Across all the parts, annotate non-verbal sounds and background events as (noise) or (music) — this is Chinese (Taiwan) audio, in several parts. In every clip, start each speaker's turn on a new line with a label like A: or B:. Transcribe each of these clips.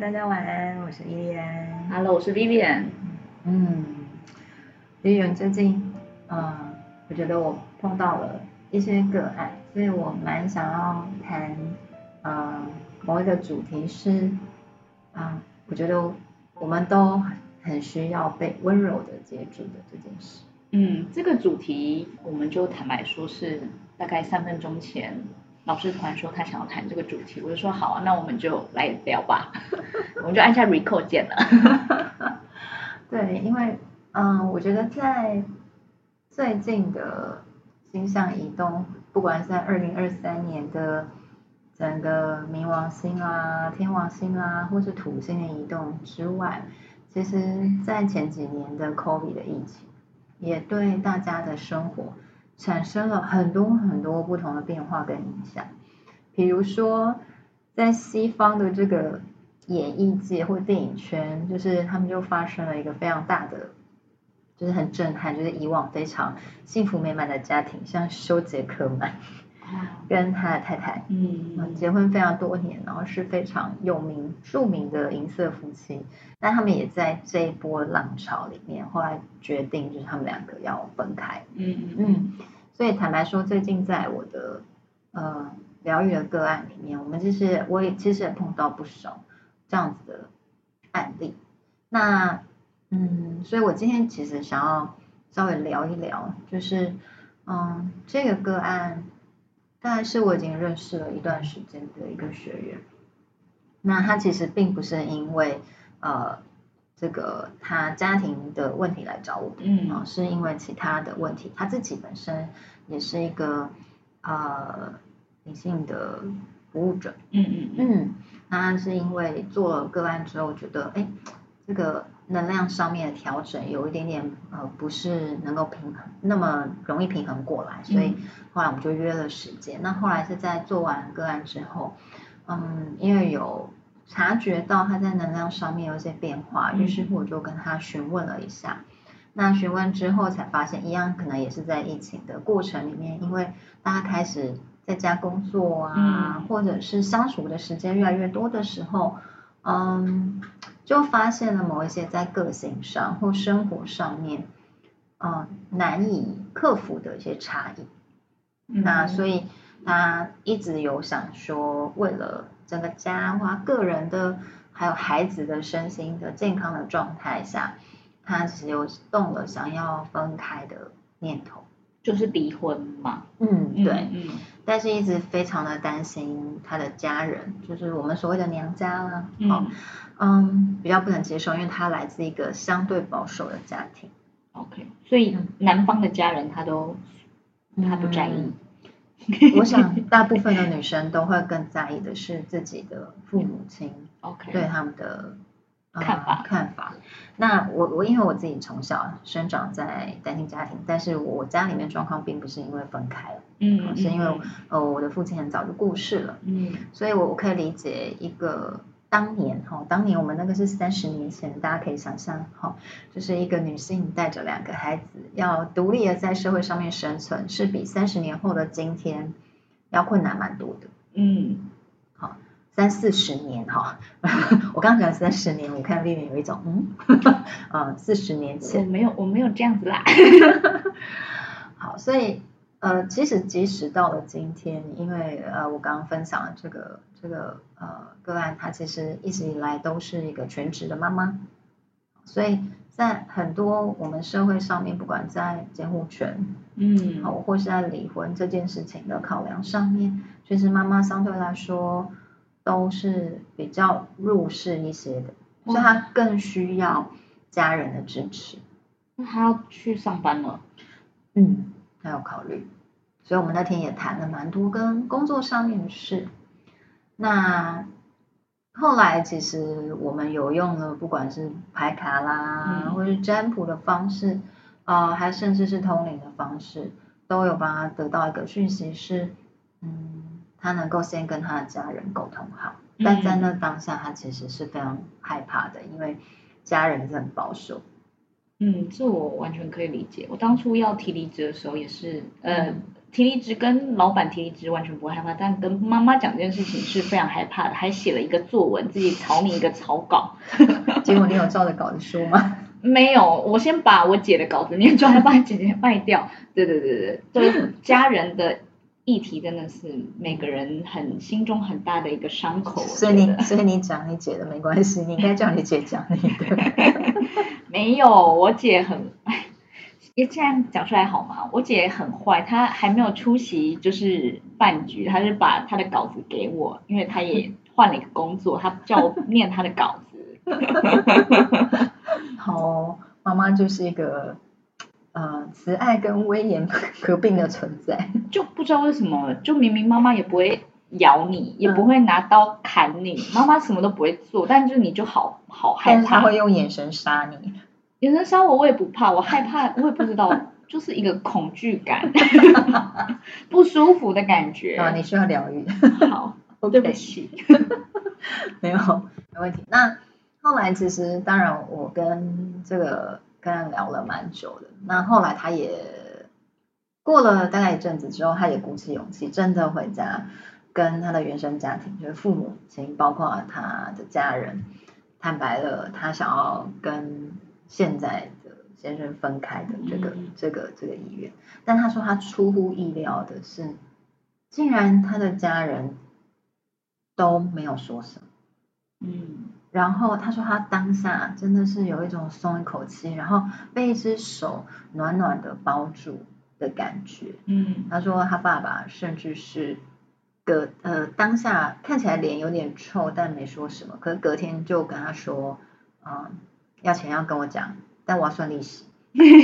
A: 大家晚安，我是依蓮。Hello，我是 Vivian。嗯，伊蓮最近，嗯、呃，我覺得我碰到了一些個案，所以我蠻想要談，啊、呃，某一個主題是，啊、呃，我覺得我們都很需要被溫柔地接住的這件事。嗯，
B: 這個主題我們就坦白說是大概三分鐘前。老師突然說他想要談這個主題，我就說好啊，那我們就來聊吧， (laughs) 我們就按下 record 鍵了。
A: (laughs) 對，因為嗯，我覺得在最近的星象移動，不管是在二零二三年的整個冥王星啊、天王星啊，或是土星的移動之外，其實在前幾年的 COVID 的疫情，也對大家的生活。產生了很多很多不同的變化跟影響，比如說在西方的這個演藝界或電影圈，就是他們就發生了一個非常大的，就是很震撼，就是以往非常幸福美滿的家庭，像休傑克曼。跟他的太太，嗯，結婚非常多年，嗯、然後是非常有名著名的銀色夫妻，但他們也在這一波浪潮裡面，後來決定就是他們兩個要分開，嗯嗯嗯，所以坦白說，最近在我的呃療癒的個案裡面，我們其實，我也其實也碰到不少這樣子的案例，那嗯，所以我今天其實想要稍微聊一聊，就是嗯這個個案。當然是我已經認識了一段時間的一個學員，那他其實並不是因為呃這個他家庭的問題來找我的，嗯，是因為其他的問題。他自己本身也是一個呃女性的服務者，嗯嗯嗯，那、嗯嗯、是因為做了個案之後覺得，哎，這個。能量上面的調整有一點點呃，不是能夠平衡那麼容易平衡過來，所以後來我們就約了時間。那後來是在做完個案之後，嗯，因為有察覺到他在能量上面有一些變化，嗯、於是我就跟他詢問了一下。那詢問之後才發現，一樣可能也是在疫情的過程裡面，因為大家開始在家工作啊，嗯、或者是相處的時間越來越多的時候，嗯。就發現了某一些在個性上或生活上面，啊、嗯，難以克服的一些差異，
B: 那
A: 所以他一直有想說，為了整個家或個人的，還有孩子的身心的健康的狀態下，他只有動了想要分開的念頭。就是離婚嘛，嗯，對，嗯嗯、但是一直非常的擔心他的家人，就是我們所謂的娘家啦、啊，嗯，嗯，比較不能接受，因為他來自一個相對保守的家庭。OK，所以男方的家人他都、嗯、他不在意、嗯。我想大部分的女生都會更在意的是自己的父母親、嗯，OK，對他們的。看法、嗯，看法。那我我因為我自己從小生長在單親家庭，但是我家裡面狀況並不是因為分開了，嗯，嗯是因為呃我的父親很早就過世了，嗯，所以我我可以理解一個當年哈，當年我們那個是三十年前，大家可以想象哈，就是一個女性帶着兩個孩子要獨立的在社會上面生存，是比三十年後的今天要困難蠻多的，嗯。三四十年哈，我剛剛講三十年，我看裡面有一種嗯，四 (laughs) 十、呃、年前沒有，我沒有這樣子啦。 (laughs) 好，所以呃，即使即使到了今天，因為呃，我剛剛分享了這個這個呃，個案，她其實一直以來都是一個全職的媽媽，所以在很多我們社會上面，不管在監護權，嗯，好，或是，在離婚這件事情的考量上面，其實媽媽相對來說。都是比較入世一些的，所以他更需要家人的支持。那他、嗯、要去上班嗎？嗯，他要考慮。所以我們那天也談了蠻多跟工作上面的事。那後來其實我們有用的，不管是排卡啦，嗯、或是占卜的方式，啊、呃，還甚至是通靈的方式，都有幫他得到一個訊息是，嗯。他能夠先跟他的家人溝通好，但在那當下，他其實是非常害怕的，因為家人是很保守。嗯，這我完全可以理解。我當初要提離職的時候，也是呃，
B: 提離職跟老板提離職完全不害怕，但跟媽媽講這件事情是非常害怕的，還寫了一個作文，自己草擬一個草稿。
A: (laughs) 結果你有照着稿子說嗎？
B: 沒有，我先把我姐的稿子念出來，把姐姐賣掉。對對對對，對，對、就是、家人的。 (laughs) 議題真的是每個人很心中很大的一個傷口。所以你，所以
A: 你講你姐的沒關係，你應該叫你姐講你
B: 的。 (laughs) 沒有，我姐很，你這樣講出來好嗎？我姐很壞，她還沒有出席就是飯局，她是把她的稿子給我，因為她也換
A: 了一個工作，她叫我念她的稿子。 (laughs) 好哦，媽媽就是一個。呃，慈愛跟威嚴合併的存
B: 在，就不知道為什麼，就明明媽媽也不會咬你，也不會拿刀砍你，媽媽、嗯、什麼都不會做，但就是你就好好害怕，但是他會用眼神殺你。眼神殺我我也不怕，我害怕我也不知道， (laughs) 就是一個恐懼感，
A: (laughs) (laughs) 不舒服的感覺啊，你需要療癒。好，Okay 對不起， (laughs) 沒有，沒有問題。那後來其實當然，我跟這個。跟他聊了蠻久的，那後來他也過了大概一陣子之後，他也鼓起勇氣，真的回家跟他的原生家庭，就是父母親，包括他的家人，坦白了他想要跟現在的先生分開的這個、嗯、這個這個意願。但他說他出乎意料的是，竟然他的家人都沒有說什麼。嗯。然後他說他當下真的是有一種鬆一口氣，然後被一隻手暖暖的包住的感覺。嗯，他說他爸爸甚至是個呃，當下看起來臉有點臭，但沒說什麼。可是隔天就跟他說，嗯，要錢要跟我講，但我要算利息，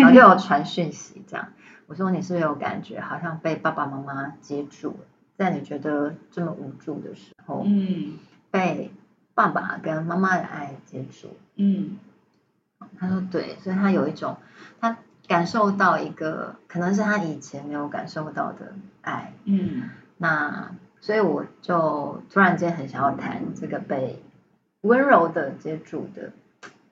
A: 然後又要傳訊息這樣。嗯，我說你是不是有感覺，好像被爸爸媽媽接住了，在你覺得這麼無助的時候，嗯，被。爸爸跟媽媽的愛接觸，
B: 嗯，
A: 他說對，所以他有一種，他感受到一個可能是他以前沒有感受到的愛，嗯，那所以我就突然間很想要談這個被溫柔的接觸的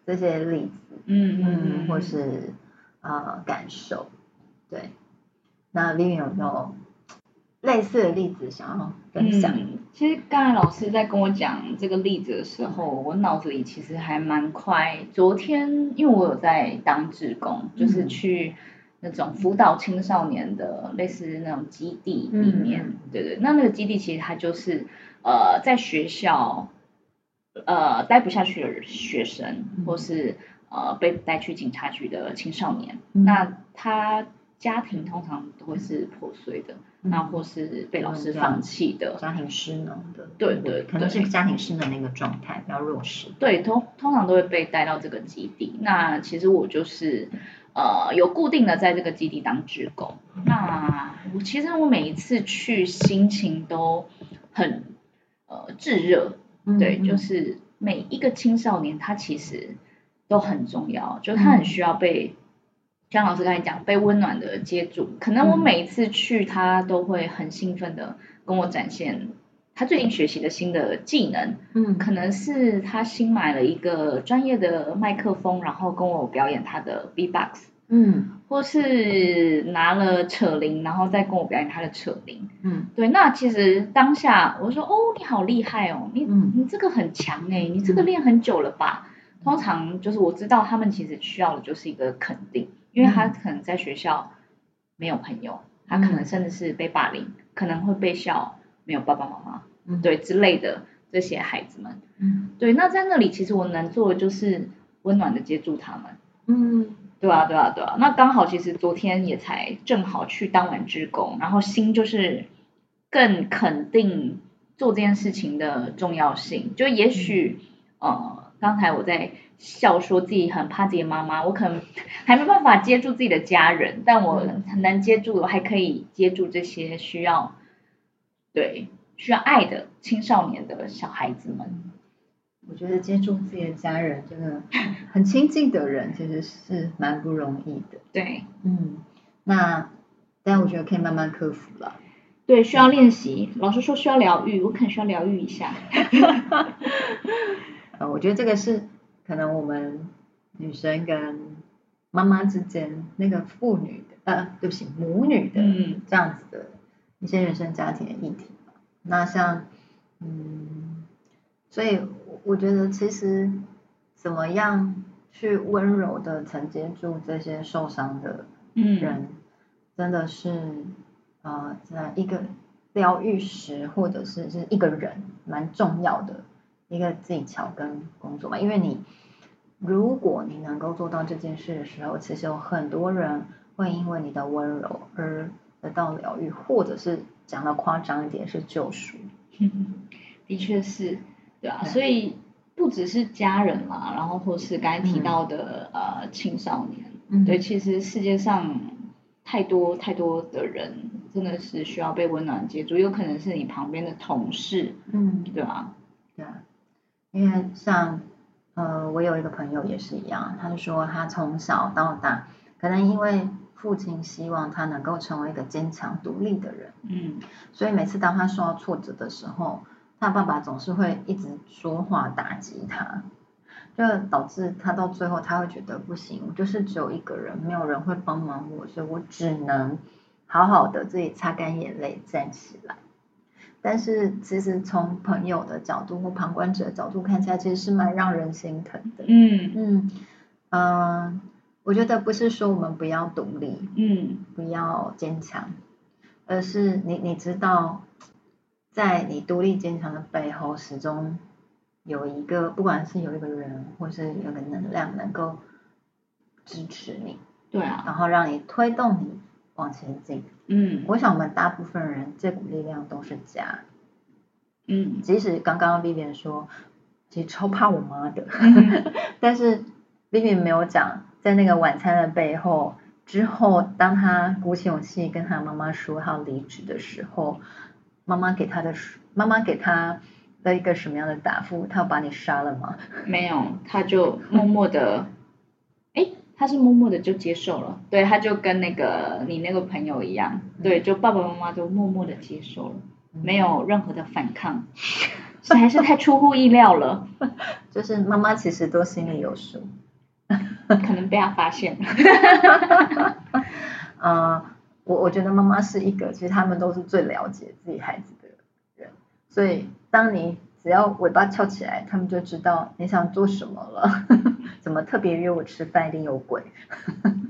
A: 這些例子，嗯嗯，嗯，嗯，或是啊、呃、感受，對，那 Vivian 有沒有類似的例子想要分享？嗯嗯
B: 其實剛才老師在跟我講這個例子的時候，我腦子裡其實還蠻快。昨天因為我有在當志工，就是去那種輔導青少年的，類似那種基地裡面，嗯、對對。那那個基地其實它就是呃，在學校呃待不下去的學生，或是呃被帶去警察局的青少年，嗯、那他。家庭通常都會是破碎
A: 的，那、嗯、或是被老師放棄的，嗯嗯、家庭失能的，對對，對對可能是家庭失能那個狀態比較弱勢，
B: 對，通通常都會被帶到這個基地。那其實我就是呃有固定的在這個基地當志工。那我其實我每一次去心情都很呃炙熱，對，嗯嗯就是每一個青少年他其實都很重要，嗯、就他很需要被。像老師剛才講，被溫暖的接住，可能我每一次去，他都會很興奮的跟我展現他最近學習的新的技能，嗯，可能是他新買了一個專業的麥克風，然後跟我表演他的 beatbox，嗯，或是拿了扯鈴，然後再跟我表演他的扯鈴，嗯，對，那其實當下我說，哦，你好厲害哦，你、嗯、你這個很強哎、欸，你這個練很久了吧？嗯、通常就是我知道他們其實需要的就是一個肯定。因為他可能在學校沒有朋友，他可能甚至是被霸凌，可能會被笑沒有爸爸媽媽，對之類的這些孩子們，嗯、對，那在那裡其實我能做的就是溫暖的接住他們。
A: 嗯，
B: 對啊，對啊，對啊。那剛好其實昨天也才正好去當完志工，然後心就是更肯定做這件事情的重要性。就也許、嗯、呃，剛才我在。笑說自己很怕自己的媽媽，我可能還沒辦法接住自己的家人，但我很難接住，我還可以接住這些需要，對需要愛的青少年的小孩子
A: 們。我覺得接住自己的家人，真的很親近的人， (laughs) 其實是蠻不容易的。對，嗯，那但我覺得可以慢慢克服了。對，
B: 需要練習。
A: 嗯、老師說需要療癒，我可能需要療癒一下。哈、 (laughs) (laughs) 呃。我覺得這個是。可能我們女生跟媽媽之間那個婦女的呃、啊，對不起，母女的這樣子的一些原生家庭的議題。那像嗯，所以我覺得其實怎麼樣去溫柔的承接住這些受傷的人，嗯、真的是呃，在一個療癒師或者是是一個人蠻重要的一個技巧跟工作嘛，因為你。如果你能夠做到這件事的時候，其實有很多人會因為你的溫柔而得到療癒，或者是講得誇張一點是救贖。嗯、
B: 的確，是，對啊，對，所以不只是家人嘛，然後或是剛才提到的、嗯、呃青少年，嗯、對，其實世界上太多太多的人真的是需要被溫暖接住，有可能是你旁邊的同事，
A: 嗯，對吧、啊？對、啊，因為像。呃，我有一個朋友也是一樣，他就說他從小到大，可能因為父親希望他能夠成為一個堅強獨立的人，嗯，所以每次當他受到挫折的時候，他爸爸總是會一直說話打擊他，就導致他到最後他會覺得不行，就是只有一個人，沒有人會幫忙我，所以我只能好好的自己擦乾眼淚站起來。但是其實從朋友的角度或旁觀者的角度看起來，其實是蠻讓人心疼的。嗯嗯嗯、呃，我覺得不是說我們不要獨立，嗯，不要堅強，而是你你知道，在你獨立堅強的背後，始終有一個不管是有一個人或是有個能量能夠支持你，對啊，然後讓你推動你。往前進，嗯，我想我們大部分人這股力量都是家，嗯，即使剛剛 Vivian 說其實超怕我媽的， (laughs) 但是 Vivian 沒有講在那個晚餐的背後之後，當他鼓起勇氣跟他媽媽說他要離職的時候，媽媽給他的，媽媽給他的一個什麼樣的答復？他要把你殺了嗎？沒有，他就默默的。 (laughs)
B: 他是默默的就接受了，對，他就跟那個你那個朋友一樣，對，就爸爸媽媽都默默的接受了，嗯、沒有任何的反抗，是， (laughs) 還是太出乎
A: 意料了。就是媽媽其實都心裡有數， (laughs) 可能被他發現了。嗯、 (laughs) uh,，我我覺得媽媽是一個，其實他們都是最了解自己孩子的人，所以當你。只要尾巴翹起來，他們就知道你想做什麼了。怎麼特別約我吃飯，一定有鬼。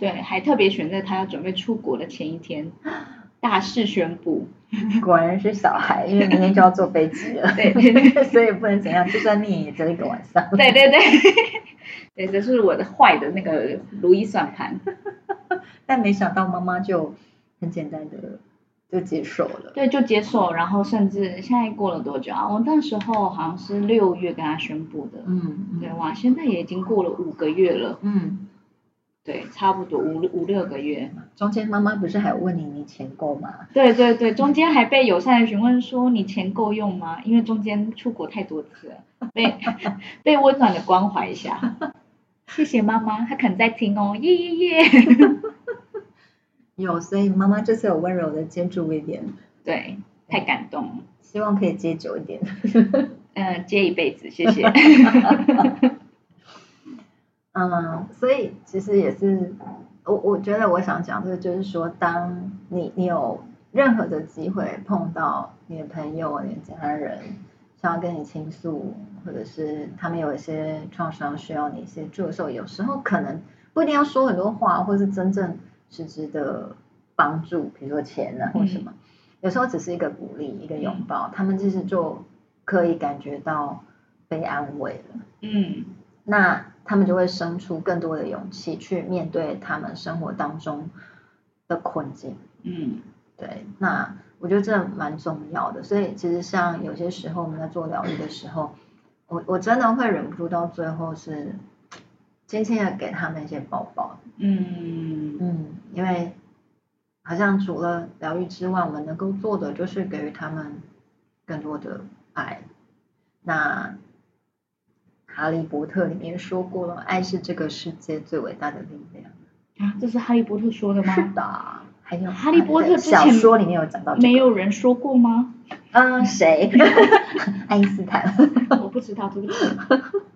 B: 對，還特別選在他要準備出國的前一天，大事宣布。果然是小孩，因為明天就要
A: 坐飛機了。 (laughs)
B: 對， (laughs) 所以不能怎樣，就算念也只有一個晚上。對對對，對，這是我的壞的那個如意算盤。但沒想到媽媽就很簡單的。就接受了，對，就接受，然後甚至現在過了多久啊？我、哦、那時候好像是六月跟他宣布的，嗯，嗯對哇，現在也已經過了五個月了，嗯，
A: 對，差不多五五六個月。中間媽媽不是還問你你錢夠嗎？對
B: 對對，中間還被友善的詢問說，你錢夠用嗎？因為中間出國太多次了，被 (laughs) 被溫暖的關懷一下， (laughs) 謝謝媽媽，她肯在聽哦，耶耶耶。 (laughs)
A: 有，所以媽媽這次有溫柔的接住一點，對，太感動了、嗯，希望可以接久一點，嗯、 (laughs) 呃，接一輩子，謝謝。 (laughs) (laughs) 嗯，所以其實也是我，我覺得我想講的是就是說，當你你有任何的機會碰到你的朋友你的家人想要跟你傾訴，或者是他們有一些創傷需要你一些協助的時候，有時候可能不一定要說很多話，或是真正。實質的幫助，比如說錢啊，或什麼，嗯、有時候只是一個鼓勵，一個擁抱，他們其實就可以感覺到被安慰了。嗯，那他們就會生出更多的勇氣去面對他們生活當中的困境。嗯，對，那我覺得這蠻重要的。所以其實像有些時候我們在做療癒的時候，我我真的會忍不住到最後是。今天要給他們一些抱抱。嗯嗯，因為好像除了療癒之外，我們能夠做的就是給予他們更多的愛。那《哈利波特》裡面說過了，愛是這個世界最偉大的力量。啊，
B: 這是《哈利波
A: 特》說的嗎？是的。還有《哈利波特》小說裡面有講到、這個，沒有人說過嗎？嗯，誰？愛因 (laughs) (laughs) 斯坦。 (laughs) 我不知道這個。 (laughs)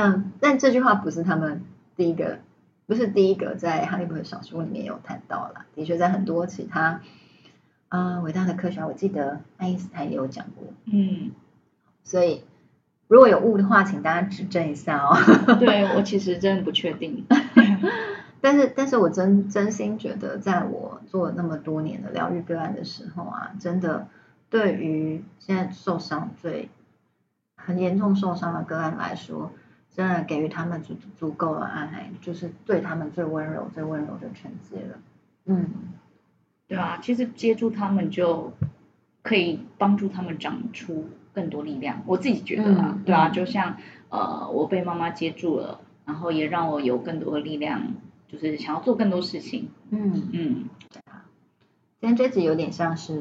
A: 嗯，但這句話不是他們第一個，不是第一個在哈利波特小說裡面有談到了。的確，在很多其他啊偉大的科學，我記得愛因斯坦也有講過。嗯，所以如果有誤的話，請大家指正一下哦。對，我其實真的不確定， (laughs) 但是但是我真真心覺得，在我做那麼多年的療癒個案的時候啊，真的對於現在受傷最很嚴重受傷的個案來說。真的給予他們足，足足夠的愛，就是對他們最溫柔、最溫柔的承接了。嗯，
B: 對啊，其實接住他們就可以幫助他們長出更多力量。我自己覺得啊，嗯、對啊，嗯、就像呃，我被媽媽接住了，然後也讓我有更多的力量，就是
A: 想要做更多
B: 事情。嗯嗯，對
A: 啊、嗯。今天這集有點像是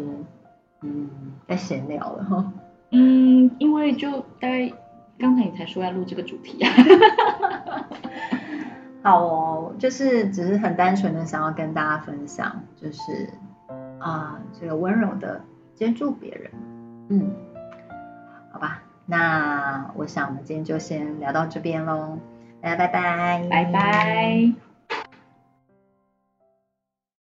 A: 嗯，在閒聊了哈。嗯，
B: 因為就
A: 大概。剛才你才說要錄這個主題啊， (laughs) 好哦，就是只是很單純的想要跟大家分享，就是啊、呃、這個溫柔的接住別人，嗯，好吧，那我想我們今天就先聊到這邊嘍，大家拜拜，拜拜。拜拜。